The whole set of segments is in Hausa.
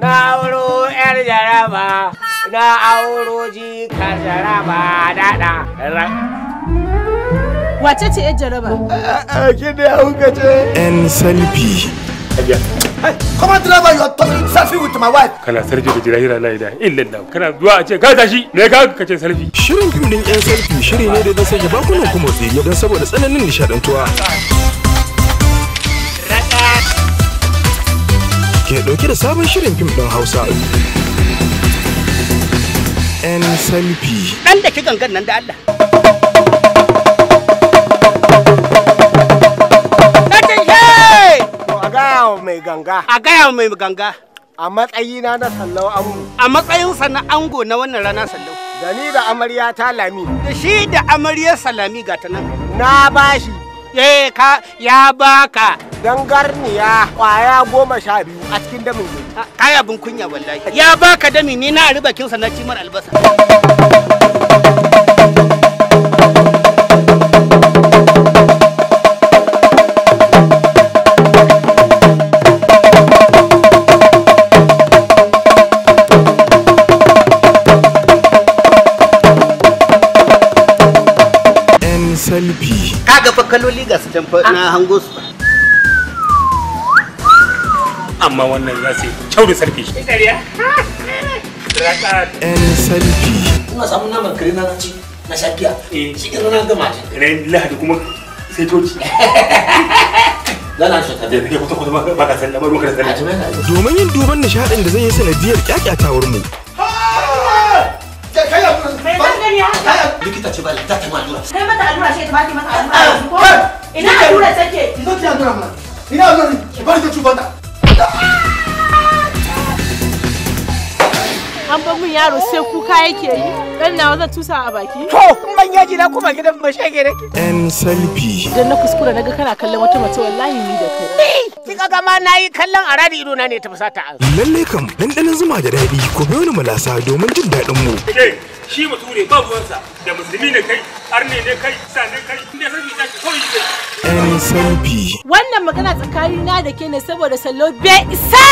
na auro yar jaraba na auro jikar jaraba dada wace ce yar jaraba a gida ya huka ce en salfi Come on, driver, you are talking selfie with my wife. Kana sarki da jirahira la ilaha illallah. Kana zuwa a ce ka tashi, me ka ka ce selfie? Shirin filin yan selfie shiri ne da zai sanya bakunan kuma tsaye don saboda tsananin nishadantuwa. ke dauke da sabon shirin fim ɗin Hausa. ‘Yan Salifi. Ɗan da ki gangan nan da Allah. mai ganga. A mai ganga. A matsayina na sallau ango. A matsayin na ango na wannan rana sallau. Da ni da amarya ta lami. Da shi da amarya salami ga ta nan. Na bashi. Eh ka ya baka. dangarniya kwaya goma sha biyu a cikin damin gobe. Kai abin kunya wallahi. Ya baka dami ni na riba kinsa na cimar albasa. Kaga fa kaloli ga su ah. na hango su. amma wannan za su kyau da sarfi shi ɗan sarfi ina samu naman kare na ci na shakiya eh. shi ke na gama ce. ran lahadi kuma sai toci domin yin duban nishadin da zai yi sanadiyar kyakyatawar mu likita ce ba ta ma allura kai mata allura ce ta baki mata allura ina allura take ki zo ki allura mana ina allura ki bar ta cubanta an bar min yaro sai kuka yake yi dan nawa zan tusa a baki to in ban yaji na kuma gidan ba shege nake en selfie dan na kuskura naga kana kallon wata mace wallahi ni da kai kin ga ma nayi kallon a radi ido na ne ta fusata an lalle kam dan zuma da daɗi ko biyo ni mulasa domin jin daɗin mu shi mutum ne ba ruwansa da musulmi ne kai arne ne kai sa ne kai inda sabi ta kawai kai 'yan Wannan magana tsakanina da ke ne saboda sallo bai isa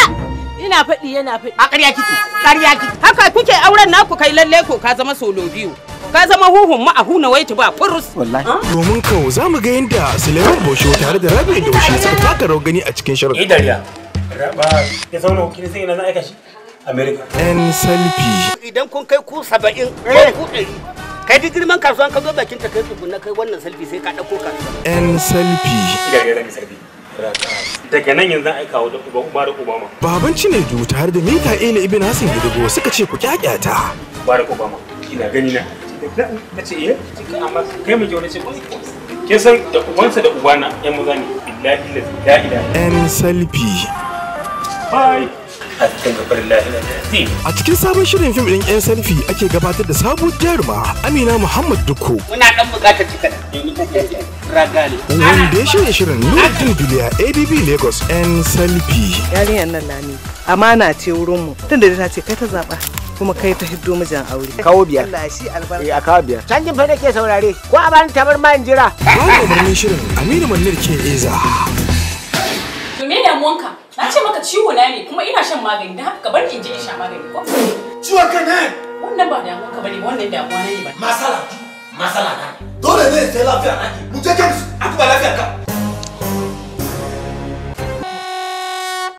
ina faɗi yana faɗi. A ƙarya kike, ƙarya kike. Haka kuke auren naku kai lalle ko ka zama solo biyu. Ka zama huhun ma a huna waiti ba furus. Wallahi. Ah? Domin kawo za mu ga yadda Suleiman Bosho tare da Rabi Daushe suka taka rawar gani a cikin shirin. Idan ya. Raba ya zauna sai aika shi. America. Idan kun kai ku saba'in ko ku ɗari. Kai duk girman kasuwan ka zo bakin ta kai tsugunna kai wannan selfie sai 'yan salfi. daga nan yanzu aika wa da Obama. Baban Cinedu tare da Mika'ila Ibn Hassan Gidigo suka ce ku kyakyata. Barack Obama, kina gani na. Na ce eh, iya, amma kai mai kyau na ce Kin san da ubansa da ubana 'yan maza ne. Billahi la ilaha illa. 'Yan salfi. Bye. A cikin sabon shirin fim ɗin 'yan sanfi ake gabatar da sabon jaruma Amina Muhammad Dukko. Muna dan bukatar cika ragali. Wanda ya shirya shirin Nuruddin duniya ABB Lagos 'yan selfi. Yarinyar nan lami amana ce mu tun da ta ce kai ta zaba kuma kai ta hiddo mijin aure. Kawo biyar. Allah shi albarka. Eh, a kawo biyar. Canjin fa nake saurare. Ko a bani tabar ma in jira. Ba umarnin shirin amina mannir ke Eza. Me damuwanka? Na ce maka ciwo na ne kuma ina shan magani don haka kabar in je in sha magani ko? Ciwo kai ne? Wannan ba damuwa ka bane wannan damuwa ne ba. Masala, masala na. Dole ne sai lafiya na. Mu je kan su, a lafiya ka.